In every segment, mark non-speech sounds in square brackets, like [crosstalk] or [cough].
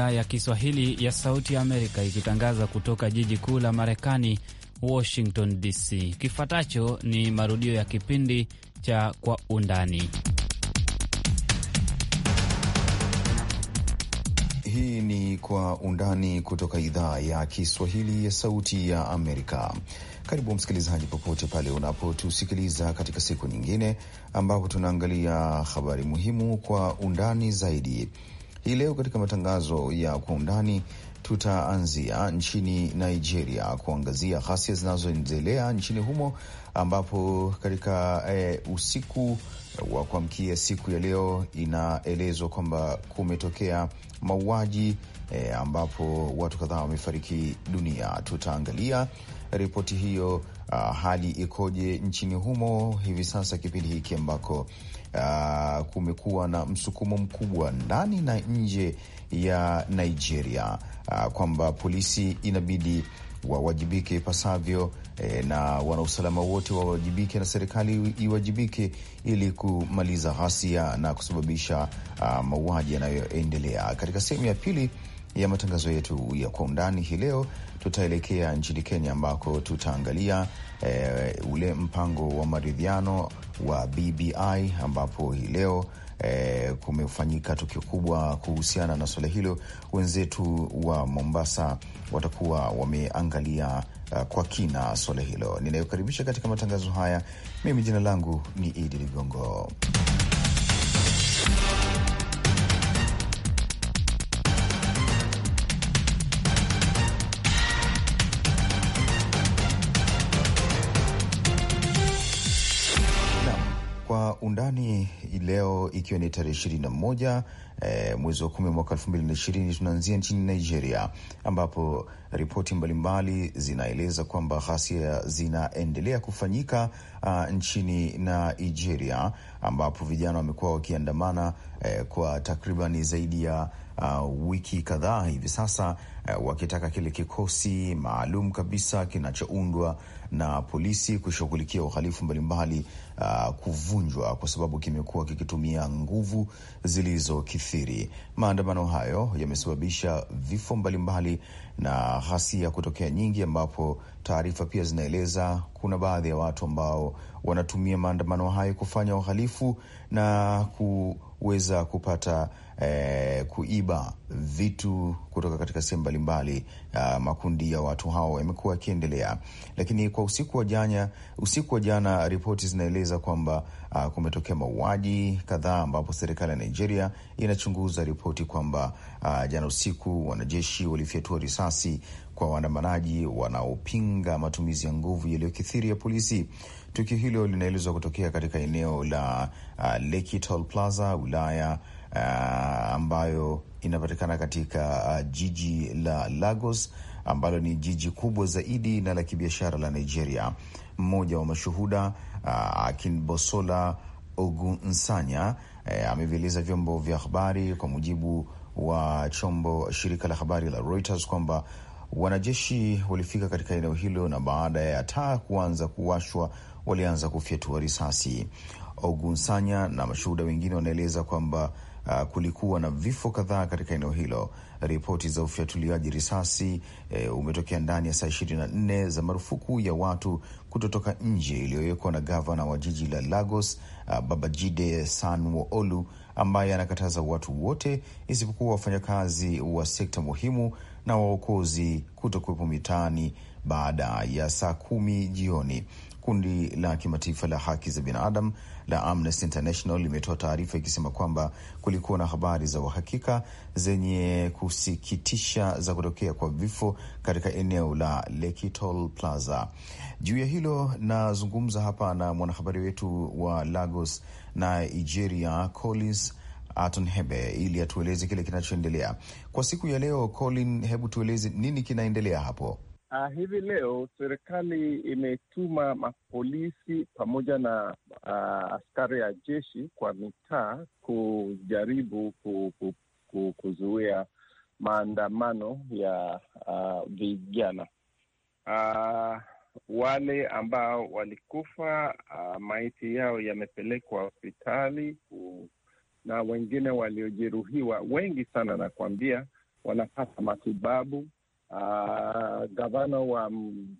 idhaa ya Kiswahili ya Sauti ya Amerika ikitangaza kutoka jiji kuu la Marekani, Washington DC. Kifuatacho ni marudio ya kipindi cha Kwa Undani. Hii ni Kwa Undani kutoka idhaa ya Kiswahili ya Sauti ya Amerika. Karibu msikilizaji, popote pale unapotusikiliza katika siku nyingine, ambapo tunaangalia habari muhimu kwa undani zaidi. Hii leo katika matangazo ya kwa undani tutaanzia nchini Nigeria kuangazia ghasia zinazoendelea nchini humo ambapo katika e, usiku wa kuamkia siku ya leo inaelezwa kwamba kumetokea mauaji e, ambapo watu kadhaa wamefariki dunia. Tutaangalia ripoti hiyo uh, hali ikoje nchini humo hivi sasa, kipindi hiki ambako uh, kumekuwa na msukumo mkubwa ndani na nje ya Nigeria uh, kwamba polisi inabidi wawajibike ipasavyo eh, na wanausalama wote wawajibike na serikali iwajibike ili kumaliza ghasia na kusababisha uh, mauaji yanayoendelea. Katika sehemu ya pili ya matangazo yetu ya kwa undani hii leo tutaelekea nchini Kenya ambako tutaangalia e, ule mpango wa maridhiano wa BBI ambapo hii leo e, kumefanyika tukio kubwa kuhusiana na suala hilo. Wenzetu wa Mombasa watakuwa wameangalia uh, kwa kina suala hilo. Ninayokaribisha katika matangazo haya, mimi jina langu ni Idi Ligongo. undani leo ikiwa ni tarehe ishirini na moja e, mwezi wa kumi mwaka elfu mbili na ishirini tunaanzia nchini Nigeria ambapo ripoti mbalimbali zinaeleza kwamba ghasia zinaendelea kufanyika uh, nchini Nigeria ambapo vijana wamekuwa wakiandamana eh, kwa takribani zaidi ya uh, wiki kadhaa hivi sasa uh, wakitaka kile kikosi maalum kabisa kinachoundwa na polisi kushughulikia uhalifu mbalimbali uh, kuvunjwa kwa sababu kimekuwa kikitumia nguvu zilizokithiri. Maandamano hayo yamesababisha vifo mbalimbali na ghasia kutokea nyingi, ambapo taarifa pia zinaeleza kuna baadhi ya watu ambao wanatumia maandamano hayo kufanya uhalifu na ku kuweza kupata eh, kuiba vitu kutoka katika sehemu mbalimbali. Uh, makundi ya watu hao yamekuwa yakiendelea, lakini kwa usiku wa janya, usiku wa jana ripoti zinaeleza kwamba uh, kumetokea mauaji kadhaa ambapo serikali ya Nigeria inachunguza ripoti kwamba uh, jana usiku wanajeshi walifyatua risasi kwa waandamanaji wanaopinga matumizi ya nguvu yaliyokithiri ya polisi Tukio hilo linaelezwa kutokea katika eneo la uh, Lekki Toll Plaza wilaya uh, ambayo inapatikana katika uh, jiji la Lagos ambalo ni jiji kubwa zaidi na la kibiashara la Nigeria. Mmoja wa mashuhuda uh, Akinbosola Ogunsanya uh, amevieleza vyombo vya habari kwa mujibu wa chombo shirika la habari la Reuters kwamba Wanajeshi walifika katika eneo hilo na baada ya taa kuanza kuwashwa walianza kufyatua risasi. Ogunsanya na mashuhuda wengine wanaeleza kwamba uh, kulikuwa na vifo kadhaa katika eneo hilo. Ripoti za ufyatuliaji risasi e, umetokea ndani ya saa ishirini na nne za marufuku ya watu kutotoka nje iliyowekwa na gavana wa jiji la Lagos uh, Babajide Sanwo-Olu ambaye anakataza watu wote isipokuwa wafanyakazi wa sekta muhimu na waokozi kutokuwepo mitaani baada ya saa kumi jioni. Kundi la kimataifa la haki za binadamu la Amnesty International limetoa taarifa ikisema kwamba kulikuwa na habari za uhakika zenye kusikitisha za kutokea kwa vifo katika eneo la Lekitol Plaza. Juu ya hilo, nazungumza hapa na mwanahabari wetu wa Lagos, Nigeria, Collins Aton Hebe ili atueleze kile kinachoendelea kwa siku ya leo. Colin, hebu tueleze nini kinaendelea hapo? Uh, hivi leo serikali imetuma mapolisi pamoja na uh, askari ya jeshi kwa mitaa kujaribu ku, ku, ku, kuzuia maandamano ya uh, vijana uh, wale ambao walikufa uh, maiti yao yamepelekwa hospitali na wengine waliojeruhiwa wengi sana, nakwambia, wanapata matibabu. Uh, gavana wa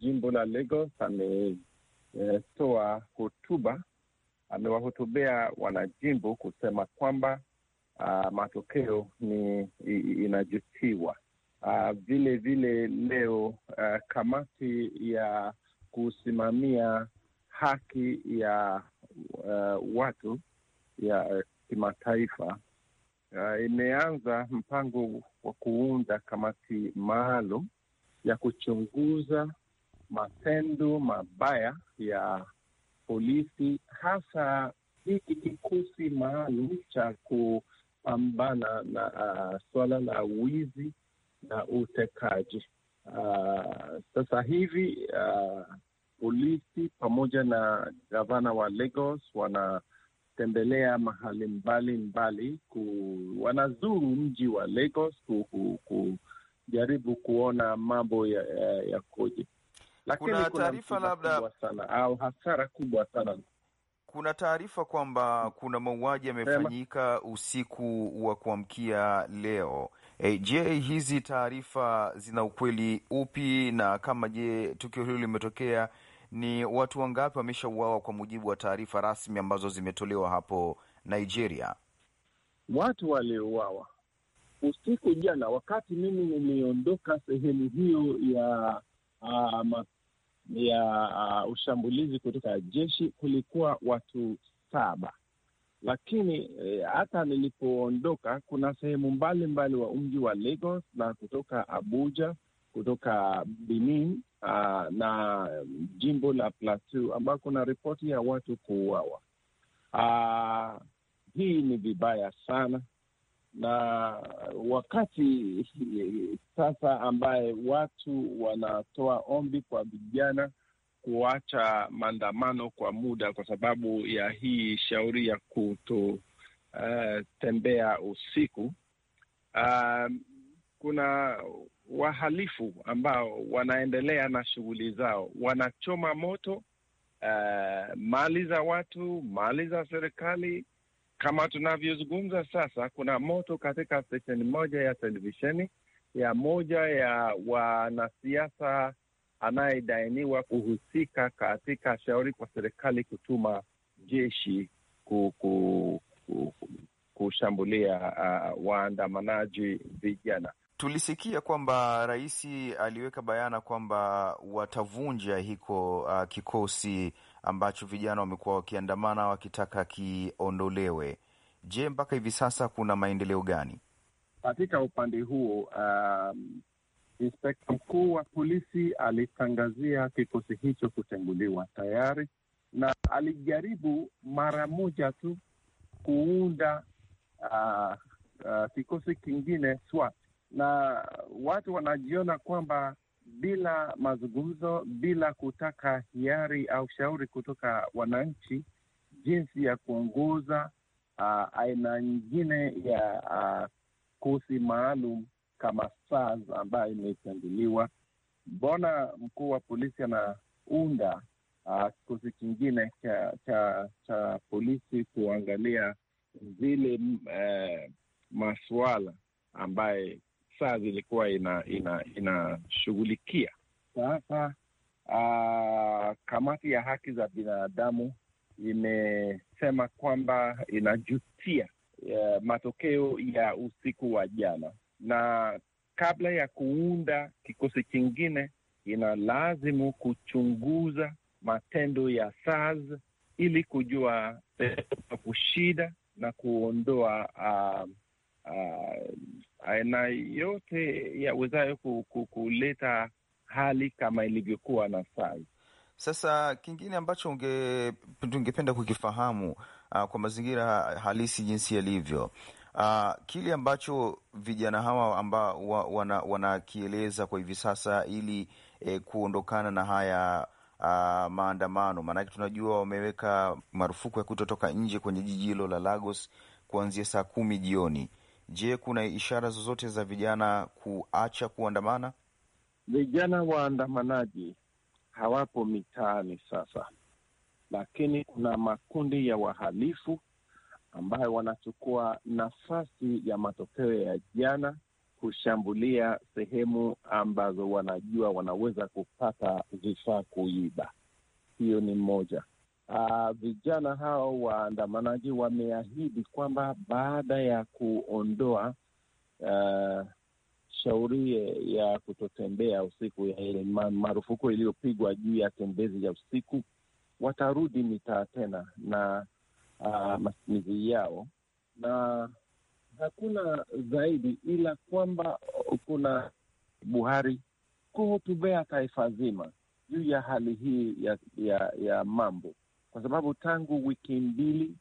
jimbo la Lagos ametoa eh, uh, hotuba, amewahutubia wanajimbo kusema kwamba uh, matokeo ni inajutiwa. Uh, vile vile leo uh, kamati ya kusimamia haki ya uh, watu ya kimataifa uh, imeanza mpango wa kuunda kamati maalum ya kuchunguza matendo mabaya ya polisi, hasa hiki kikosi maalum cha kupambana na uh, suala la wizi na utekaji. Uh, sasa hivi uh, polisi pamoja na gavana wa Lagos wana wanatembelea mahali mbalimbali ku, wanazuru mji wa Lagos kujaribu ku, ku, kuona mambo ya, ya, ya koje, lakini kuna taarifa labda sana au hasara kubwa sana. Kuna taarifa kwamba kuna mauaji yamefanyika usiku wa kuamkia leo. E, je, hizi taarifa zina ukweli upi? Na kama je tukio hilo limetokea ni watu wangapi wameshauawa kwa mujibu wa taarifa rasmi ambazo zimetolewa hapo Nigeria? Watu waliouawa usiku jana, wakati mimi niliondoka sehemu hiyo ya uh, ma, ya uh, ushambulizi kutoka jeshi, kulikuwa watu saba, lakini eh, hata eh, nilipoondoka kuna sehemu mbalimbali wa mji wa Lagos na kutoka Abuja, kutoka Benin uh, na jimbo la Plateau ambako kuna ripoti ya watu kuuawa. Uh, hii ni vibaya sana, na wakati sasa ambaye watu wanatoa ombi kwa vijana kuacha maandamano kwa muda kwa sababu ya hii shauri ya kutotembea uh, usiku. Uh, kuna wahalifu ambao wanaendelea na shughuli zao, wanachoma moto uh, mali za watu, mali za serikali. Kama tunavyozungumza sasa, kuna moto katika stesheni moja ya televisheni ya moja ya wanasiasa anayedainiwa kuhusika katika shauri kwa serikali kutuma jeshi ku, ku, ku, ku, kushambulia uh, waandamanaji vijana tulisikia kwamba rais aliweka bayana kwamba watavunja hiko uh, kikosi ambacho vijana wamekuwa wakiandamana wakitaka kiondolewe. Je, mpaka hivi sasa kuna maendeleo gani katika upande huo? Um, inspekta mkuu wa polisi alitangazia kikosi hicho kutenguliwa tayari, na alijaribu mara moja tu kuunda uh, uh, kikosi kingine SWAT na watu wanajiona kwamba bila mazungumzo, bila kutaka hiari au shauri kutoka wananchi, jinsi ya kuongoza uh, aina nyingine ya uh, kosi maalum kama SARS ambayo imechanguliwa, Mbona mkuu wa polisi anaunda uh, kikosi kingine cha, cha, cha polisi kuangalia zile uh, e, masuala ambaye SARS ilikuwa inashughulikia ina, ina sasa. Uh, kamati ya haki za binadamu imesema kwamba inajutia uh, matokeo ya usiku wa jana, na kabla ya kuunda kikosi kingine inalazimu kuchunguza matendo ya SARS ili kujua kushida na kuondoa uh, uh, Eh, na yote yawezayo kuleta hali kama ilivyokuwa na sai. Sasa kingine ambacho unge, tungependa kukifahamu uh, kwa mazingira halisi jinsi yalivyo, uh, kile ambacho vijana hawa ambao wanakieleza wana kwa hivi sasa ili eh, kuondokana na haya uh, maandamano, maanake tunajua wameweka marufuku ya kutotoka nje kwenye jiji hilo la Lagos kuanzia saa kumi jioni Je, kuna ishara zozote za vijana kuacha kuandamana? Vijana waandamanaji hawapo mitaani sasa, lakini kuna makundi ya wahalifu ambayo wanachukua nafasi ya matokeo ya jana kushambulia sehemu ambazo wanajua wanaweza kupata vifaa kuiba. Hiyo ni moja uh, vijana hao waandamanaji wameahidi kwamba baada ya kuondoa uh, shauri ya kutotembea usiku ya ile marufuku iliyopigwa juu ya tembezi ya usiku, watarudi mitaa tena na uh, matumizi yao, na hakuna zaidi ila kwamba kuna Buhari kuhutubea taifa zima juu ya hali hii ya, ya, ya mambo kwa sababu tangu wiki mbili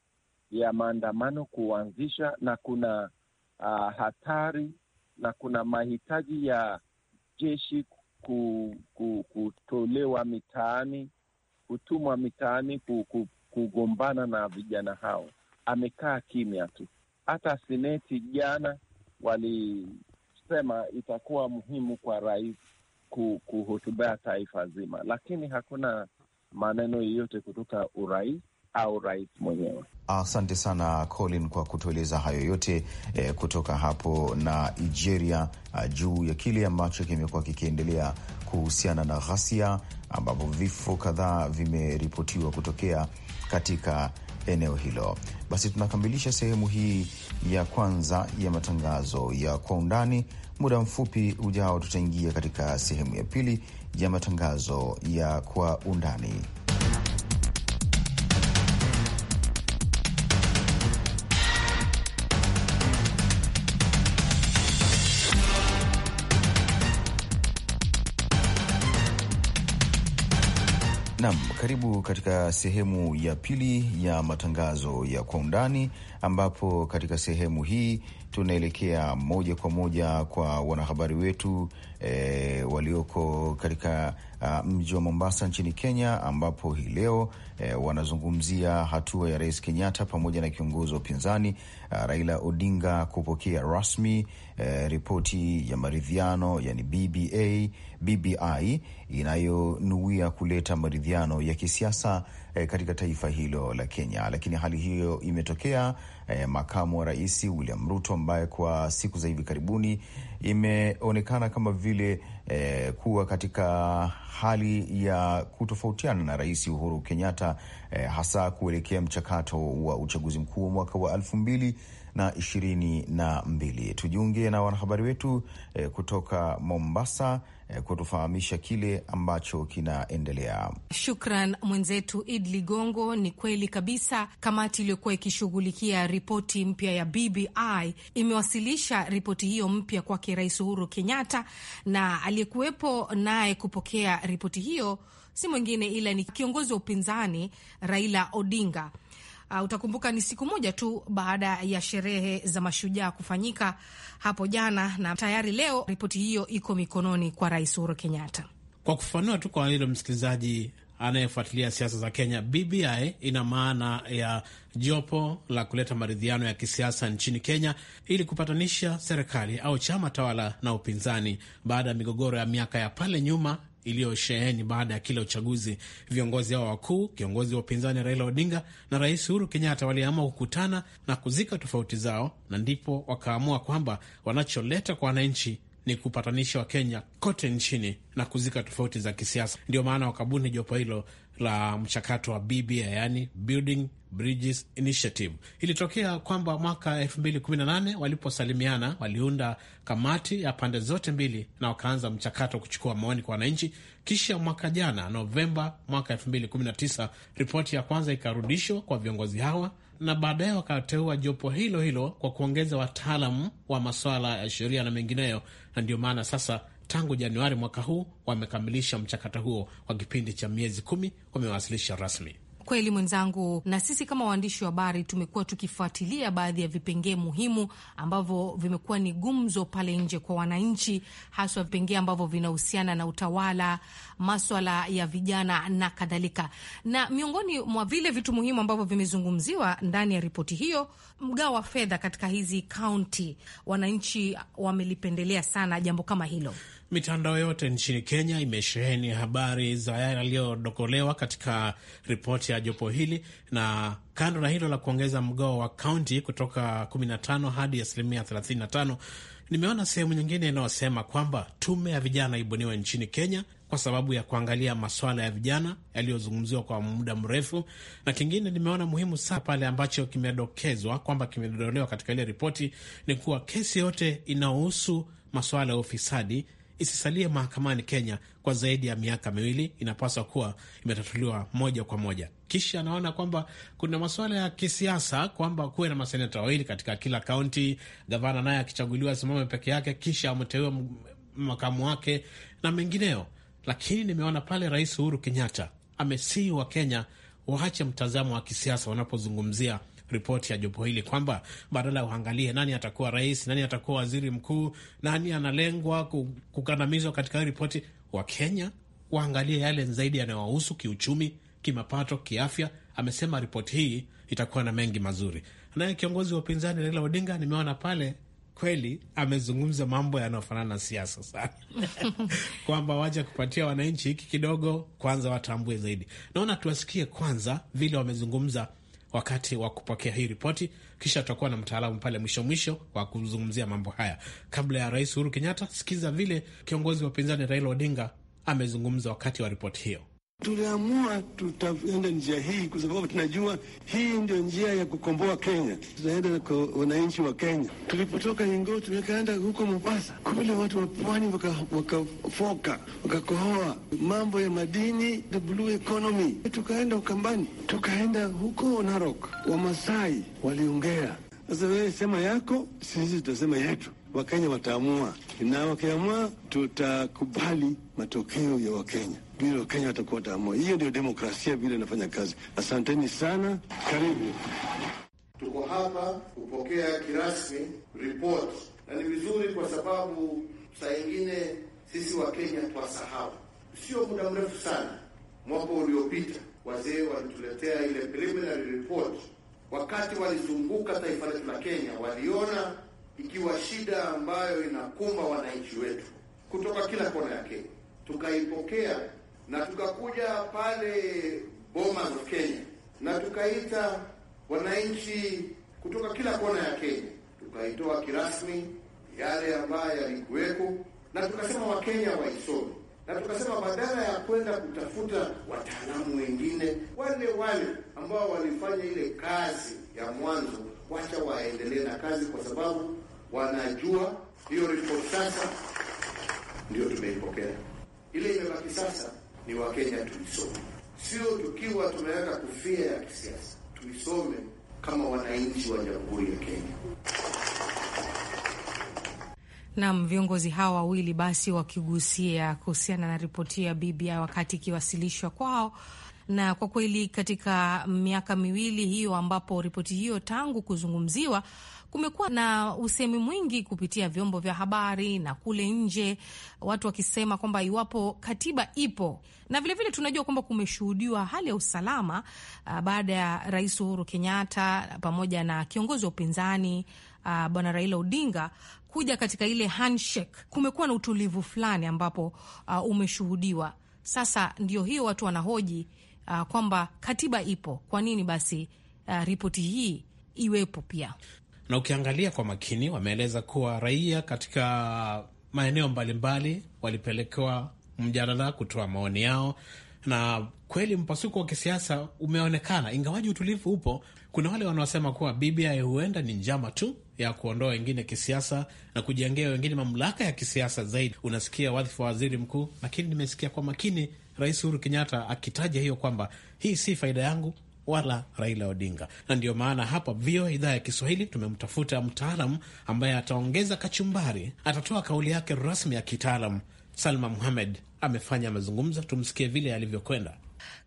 ya maandamano kuanzisha na kuna uh, hatari na kuna mahitaji ya jeshi kutolewa mitaani, kutumwa mitaani kugombana na vijana hao. Amekaa kimya tu. Hata seneti jana walisema itakuwa muhimu kwa rais kuhutubia taifa zima, lakini hakuna maneno yeyote kutoka urais au rais mwenyewe. Asante sana Colin kwa kutueleza hayo yote eh, kutoka hapo na Nigeria uh, juu ya kile ambacho kimekuwa kikiendelea kuhusiana na ghasia ambapo vifo kadhaa vimeripotiwa kutokea katika eneo hilo. Basi tunakamilisha sehemu hii ya kwanza ya matangazo ya kwa undani. Muda mfupi ujao, tutaingia katika sehemu ya pili ya matangazo ya kwa undani. Nam, karibu katika sehemu ya pili ya matangazo ya kwa undani, ambapo katika sehemu hii tunaelekea moja kwa moja kwa wanahabari wetu e, walioko katika uh, mji wa Mombasa nchini Kenya, ambapo hii leo e, wanazungumzia hatua ya Rais Kenyatta pamoja na kiongozi wa upinzani uh, Raila Odinga kupokea rasmi e, ripoti ya maridhiano yani BBA, BBI inayonuia kuleta maridhiano ya kisiasa e, katika taifa hilo la Kenya. Lakini hali hiyo imetokea e, makamu wa rais William Ruto ambaye kwa siku za hivi karibuni imeonekana kama vile e, kuwa katika hali ya kutofautiana na rais Uhuru Kenyatta e, hasa kuelekea mchakato wa uchaguzi mkuu wa mwaka wa elfu mbili na ishirini na mbili. Tujiunge na wanahabari wetu e, kutoka Mombasa. Eh, kutufahamisha kile ambacho kinaendelea. Shukran mwenzetu Id Ligongo. Ni kweli kabisa, kamati iliyokuwa ikishughulikia ripoti mpya ya BBI imewasilisha ripoti hiyo mpya kwake Rais Uhuru Kenyatta, na aliyekuwepo naye kupokea ripoti hiyo si mwingine ila ni kiongozi wa upinzani Raila Odinga Uh, utakumbuka ni siku moja tu baada ya sherehe za mashujaa kufanyika hapo jana, na tayari leo ripoti hiyo iko mikononi kwa Rais Uhuru Kenyatta. Kwa kufanua tu kwa hilo msikilizaji anayefuatilia siasa za Kenya, BBI ina maana ya jopo la kuleta maridhiano ya kisiasa nchini Kenya ili kupatanisha serikali au chama tawala na upinzani baada ya migogoro ya miaka ya pale nyuma iliyosheheni baada ya kila uchaguzi. Viongozi hao wakuu, kiongozi wa upinzani Raila Odinga na Rais Uhuru Kenyatta, waliamua kukutana na kuzika tofauti zao, na ndipo wakaamua kwamba wanacholeta kwa wananchi ni kupatanisha Wakenya kote nchini na kuzika tofauti za kisiasa. Ndio maana wakabuni jopo hilo la mchakato wa BBI, yani Building Bridges Initiative. Ilitokea kwamba mwaka 2018 waliposalimiana, waliunda kamati ya pande zote mbili na wakaanza mchakato wa kuchukua maoni kwa wananchi. Kisha mwaka jana Novemba mwaka 2019 ripoti ya kwanza ikarudishwa kwa viongozi hawa na baadaye wakateua jopo hilo hilo kwa kuongeza wataalam wa masuala ya sheria na mengineyo, na ndio maana sasa tangu Januari mwaka huu wamekamilisha mchakato huo kwa kipindi cha miezi kumi, wamewasilisha rasmi kweli mwenzangu, na sisi kama waandishi wa habari tumekuwa tukifuatilia baadhi ya vipengee muhimu ambavyo vimekuwa ni gumzo pale nje kwa wananchi, haswa vipengee ambavyo vinahusiana na utawala, maswala ya vijana na kadhalika. Na miongoni mwa vile vitu muhimu ambavyo vimezungumziwa ndani ya ripoti hiyo mgao wa fedha katika hizi kaunti, wananchi wamelipendelea sana jambo kama hilo. Mitandao yote nchini Kenya imesheheni habari za yaliyodokolewa katika ripoti ya jopo hili, na kando na hilo la kuongeza mgao wa kaunti kutoka 15 hadi asilimia 35, nimeona sehemu nyingine inayosema kwamba tume ya vijana ibuniwe nchini Kenya kwa sababu ya kuangalia maswala ya vijana yaliyozungumziwa kwa muda mrefu. Na kingine nimeona muhimu sana pale ambacho kimedokezwa kwamba kimedodolewa katika ile ripoti ni kuwa kesi yote inayohusu maswala ya ufisadi isisalie mahakamani Kenya kwa zaidi ya miaka miwili, inapaswa kuwa imetatuliwa moja kwa moja. Kisha anaona kwamba kuna masuala ya kisiasa, kwamba kuwe na maseneta wawili katika kila kaunti, gavana naye akichaguliwa asimame peke yake, kisha ameteua makamu wake na mengineo lakini nimeona pale Rais Uhuru Kenyatta amesihi wa Kenya waache mtazamo wa kisiasa wanapozungumzia ripoti ya jopo hili kwamba badala ya uangalie nani atakuwa rais, nani atakuwa waziri mkuu, nani analengwa kukandamizwa katika hii ripoti, Wakenya waangalie yale zaidi yanayowahusu kiuchumi, kimapato, kiafya. Amesema ripoti hii itakuwa na mengi mazuri. Naye kiongozi wa upinzani Raila Odinga nimeona pale kweli amezungumza mambo yanayofanana na siasa sana [laughs] kwamba waja kupatia wananchi hiki kidogo, kwanza watambue zaidi. Naona tuwasikie kwanza vile wamezungumza wakati wa kupokea hii ripoti, kisha tutakuwa na mtaalamu pale mwisho mwisho wa kuzungumzia mambo haya. Kabla ya Rais Uhuru Kenyatta, sikiza vile kiongozi wa upinzani Raila Odinga amezungumza wakati wa ripoti hiyo. Tuliamua tutaenda njia hii kwa sababu tunajua hii ndio njia ya kukomboa Kenya. Tutaenda kwa wananchi wa Kenya. Tulipotoka Ingo tukaenda huko Mombasa, kule watu wa pwani wakafoka, wakakohoa mambo ya madini, the blue economy. Tukaenda Ukambani, tukaenda huko Narok, Wamasai waliongea. Sasa wewe sema yako, sisi tutasema yetu. Wakenya wataamua, na wakiamua, tutakubali matokeo ya Wakenya vile Wakenya watakuwa wataamua. Hiyo ndio demokrasia vile inafanya kazi. Asanteni sana, karibu. Tuko hapa kupokea kirasmi ripoti, na ni vizuri kwa sababu saa ingine sisi Wakenya twasahau. Sio muda mrefu sana, mwaka uliopita, wazee walituletea ile preliminary report. Wakati walizunguka taifa letu la Kenya, waliona ikiwa shida ambayo inakumba wananchi wetu kutoka kila kona ya Kenya, tukaipokea na tukakuja pale boma of Kenya na tukaita wananchi kutoka kila kona ya Kenya, tukaitoa kirasmi yale ambayo yalikuweko, na tukasema Wakenya waisome, na tukasema badala ya kwenda kutafuta wataalamu wengine, wale wale ambao walifanya ile kazi ya mwanzo, wacha waendelee na kazi, kwa sababu wanajua hiyo ripoti. Sasa ndio tumeipokea ile, imebaki sasa ni Wakenya tuisome, sio tukiwa tumeweka kufia ya kisiasa, tuisome kama wananchi wa Jamhuri ya Kenya. Nam viongozi hawa wawili basi wakigusia kuhusiana na ripoti ya BBI wakati ikiwasilishwa kwao na kwa kweli katika miaka miwili hiyo ambapo ripoti hiyo tangu kuzungumziwa kumekuwa na usemi mwingi kupitia vyombo vya habari na kule nje, watu wakisema kwamba iwapo katiba ipo na vilevile vile tunajua kwamba kumeshuhudiwa hali ya usalama uh, baada ya Rais Uhuru Kenyatta pamoja na kiongozi wa upinzani uh, Bwana Raila Odinga kuja katika ile handshake. Kumekuwa na utulivu fulani ambapo uh, umeshuhudiwa. Sasa ndio hiyo watu wanahoji uh, kwamba katiba ipo, kwa nini basi uh, ripoti hii iwepo pia? na ukiangalia kwa makini, wameeleza kuwa raia katika maeneo mbalimbali walipelekewa mjadala kutoa maoni yao, na kweli mpasuko wa kisiasa umeonekana, ingawaji utulivu upo. Kuna wale wanaosema kuwa BBI huenda ni njama tu ya kuondoa wengine kisiasa na kujengea wengine mamlaka ya kisiasa zaidi. Unasikia wadhifa wa waziri mkuu, lakini nimesikia kwa makini Rais Uhuru Kenyatta akitaja hiyo kwamba hii si faida yangu, wala Raila Odinga. Na ndio maana hapa vio idhaa ya Kiswahili tumemtafuta mtaalam ambaye ataongeza kachumbari, atatoa kauli yake rasmi ya kitaalam. Salma Muhamed amefanya mazungumzo, tumsikie vile alivyokwenda.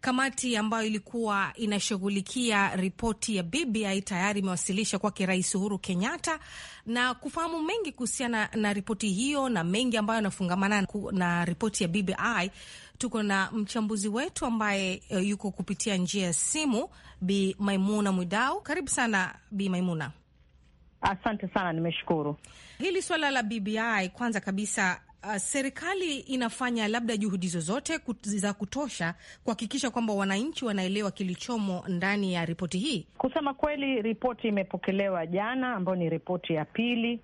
Kamati ambayo ilikuwa inashughulikia ripoti ya BBI tayari imewasilisha kwake Rais Uhuru Kenyatta na kufahamu mengi kuhusiana na ripoti hiyo na mengi ambayo yanafungamana na ripoti ya BBI. Tuko na mchambuzi wetu ambaye e, yuko kupitia njia ya simu, Bi Maimuna Mwidau. Karibu sana Bi Maimuna. Asante sana, nimeshukuru. Hili suala la BBI kwanza kabisa uh, serikali inafanya labda juhudi zozote kut, za kutosha kuhakikisha kwamba wananchi wanaelewa kilichomo ndani ya ripoti hii? Kusema kweli, ripoti imepokelewa jana, ambayo ni ripoti ya pili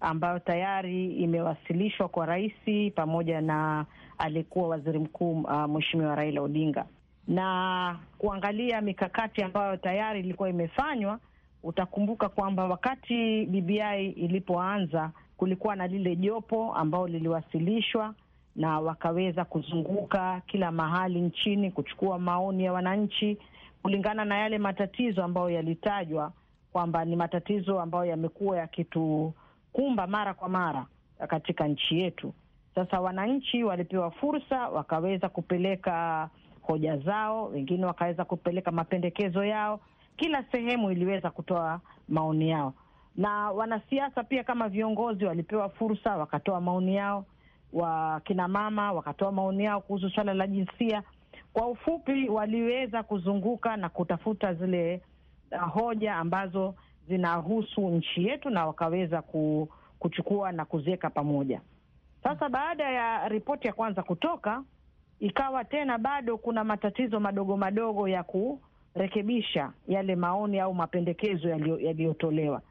ambayo tayari imewasilishwa kwa rais pamoja na aliyekuwa waziri mkuu uh, Mheshimiwa Raila Odinga, na kuangalia mikakati ambayo tayari ilikuwa imefanywa. Utakumbuka kwamba wakati BBI ilipoanza kulikuwa na lile jopo ambao liliwasilishwa na wakaweza kuzunguka kila mahali nchini kuchukua maoni ya wananchi kulingana na yale matatizo ambayo yalitajwa kwamba ni matatizo ambayo yamekuwa yakitukumba mara kwa mara katika nchi yetu. Sasa wananchi walipewa fursa, wakaweza kupeleka hoja zao, wengine wakaweza kupeleka mapendekezo yao. Kila sehemu iliweza kutoa maoni yao na wanasiasa pia kama viongozi walipewa fursa, wakatoa maoni yao, wakinamama wakatoa maoni yao kuhusu swala la jinsia. Kwa ufupi, waliweza kuzunguka na kutafuta zile uh, hoja ambazo zinahusu nchi yetu na wakaweza kuchukua na kuziweka pamoja. Sasa baada ya ripoti ya kwanza kutoka, ikawa tena bado kuna matatizo madogo madogo ya kurekebisha yale maoni au mapendekezo yaliyotolewa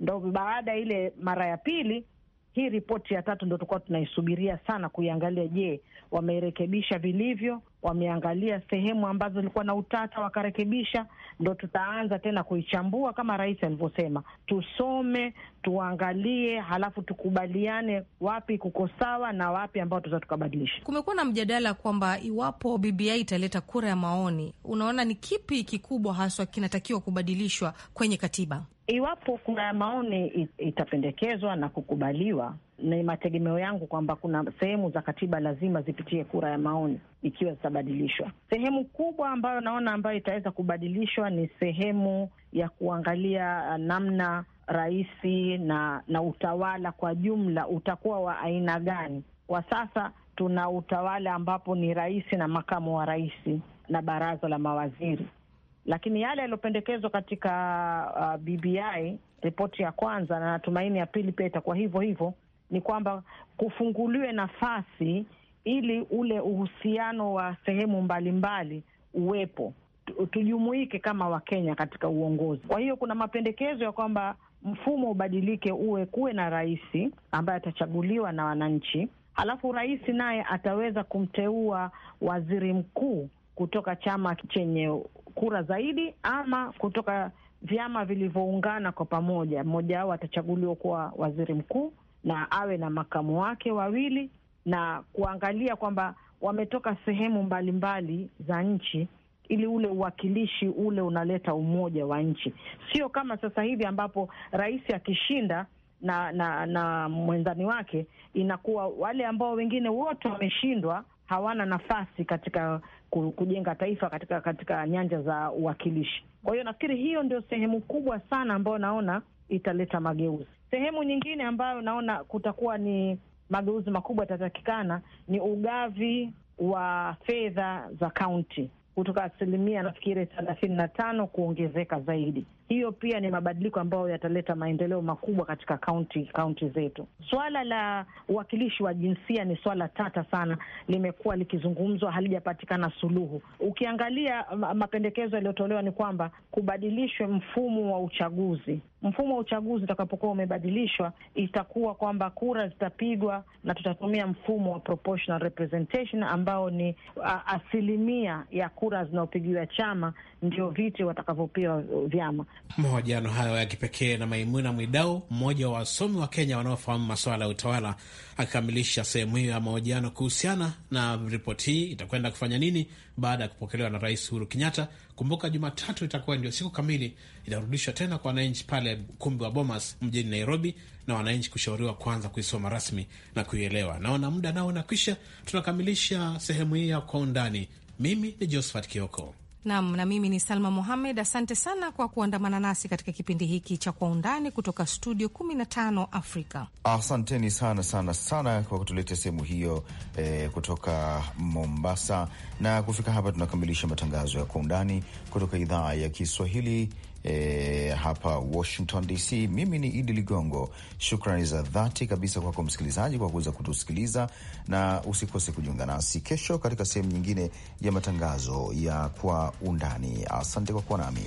ndo baada ile mara ya pili hii ripoti ya tatu ndo tukuwa tunaisubiria sana kuiangalia. Je, wamerekebisha vilivyo? wameangalia sehemu ambazo zilikuwa na utata wakarekebisha, ndo tutaanza tena kuichambua kama rais alivyosema, tusome, tuangalie, halafu tukubaliane wapi kuko sawa na wapi ambao tuza tukabadilisha. Kumekuwa na mjadala kwamba iwapo BBI italeta kura ya maoni, unaona ni kipi kikubwa haswa kinatakiwa kubadilishwa kwenye katiba? Iwapo kura ya maoni itapendekezwa na kukubaliwa, ni mategemeo yangu kwamba kuna sehemu za katiba lazima zipitie kura ya maoni ikiwa zitabadilishwa. Sehemu kubwa ambayo naona ambayo itaweza kubadilishwa ni sehemu ya kuangalia uh, namna raisi na na utawala kwa jumla utakuwa wa aina gani. Kwa sasa tuna utawala ambapo ni rais na makamu wa rais na baraza la mawaziri, lakini yale yaliyopendekezwa katika uh, BBI ripoti ya kwanza na natumaini ya pili pia itakuwa hivyo hivyo, ni kwamba kufunguliwe nafasi ili ule uhusiano wa sehemu mbalimbali uwepo, tujumuike kama Wakenya katika uongozi. Kwa hiyo kuna mapendekezo ya kwamba mfumo ubadilike, uwe kuwe na rais ambaye atachaguliwa na wananchi, halafu rais naye ataweza kumteua waziri mkuu kutoka chama chenye kura zaidi ama kutoka vyama vilivyoungana kwa pamoja. Mmoja wao atachaguliwa kuwa waziri mkuu, na awe na makamu wake wawili na kuangalia kwamba wametoka sehemu mbalimbali za nchi ili ule uwakilishi ule unaleta umoja wa nchi, sio kama sasa hivi ambapo rais akishinda na na na mwenzani wake inakuwa wale ambao wengine wote wameshindwa hawana nafasi katika kujenga taifa katika katika nyanja za uwakilishi. Kwa hiyo nafikiri hiyo ndio sehemu kubwa sana ambayo naona italeta mageuzi. Sehemu nyingine ambayo naona kutakuwa ni mageuzi makubwa yatatakikana ni ugavi wa fedha za kaunti kutoka asilimia nafikiri thelathini na tano kuongezeka zaidi hiyo pia ni mabadiliko ambayo yataleta maendeleo makubwa katika kaunti kaunti zetu. Swala la uwakilishi wa jinsia ni swala tata sana, limekuwa likizungumzwa, halijapatikana suluhu. Ukiangalia mapendekezo yaliyotolewa ni kwamba kubadilishwe mfumo wa uchaguzi. Mfumo wa uchaguzi utakapokuwa umebadilishwa, itakuwa kwamba kura zitapigwa na tutatumia mfumo wa proportional representation ambao ni asilimia ya kura zinazopigiwa chama ndio viti watakavyopewa vyama. Mahojiano hayo ya kipekee na Maimuna Mwidau, mmoja wa wasomi wa Kenya wanaofahamu masuala ya utawala, akikamilisha sehemu hiyo ya mahojiano kuhusiana na ripoti hii itakwenda kufanya nini baada ya kupokelewa na Rais Uhuru Kenyatta. Kumbuka Jumatatu itakuwa ndio siku kamili itarudishwa tena kwa wananchi pale ukumbi wa Bomas mjini Nairobi, na wananchi kushauriwa kwanza kuisoma rasmi na kuielewa. Naona muda nao unakwisha, tunakamilisha sehemu hii ya kwa undani. Mimi ni Josephat Kioko. Nam na mimi ni Salma Mohamed. Asante sana kwa kuandamana nasi katika kipindi hiki cha Kwa Undani kutoka studio 15 Afrika. Asanteni sana sana sana kwa kutuletea sehemu hiyo eh, kutoka Mombasa. Na kufika hapa tunakamilisha matangazo ya Kwa Undani kutoka idhaa ya Kiswahili e, hapa Washington DC. Mimi ni Idi Ligongo, shukrani za dhati kabisa kwako msikilizaji kwa kuweza kutusikiliza, na usikose kujiunga nasi kesho katika sehemu nyingine ya matangazo ya Kwa Undani. Asante kwa kuwa nami.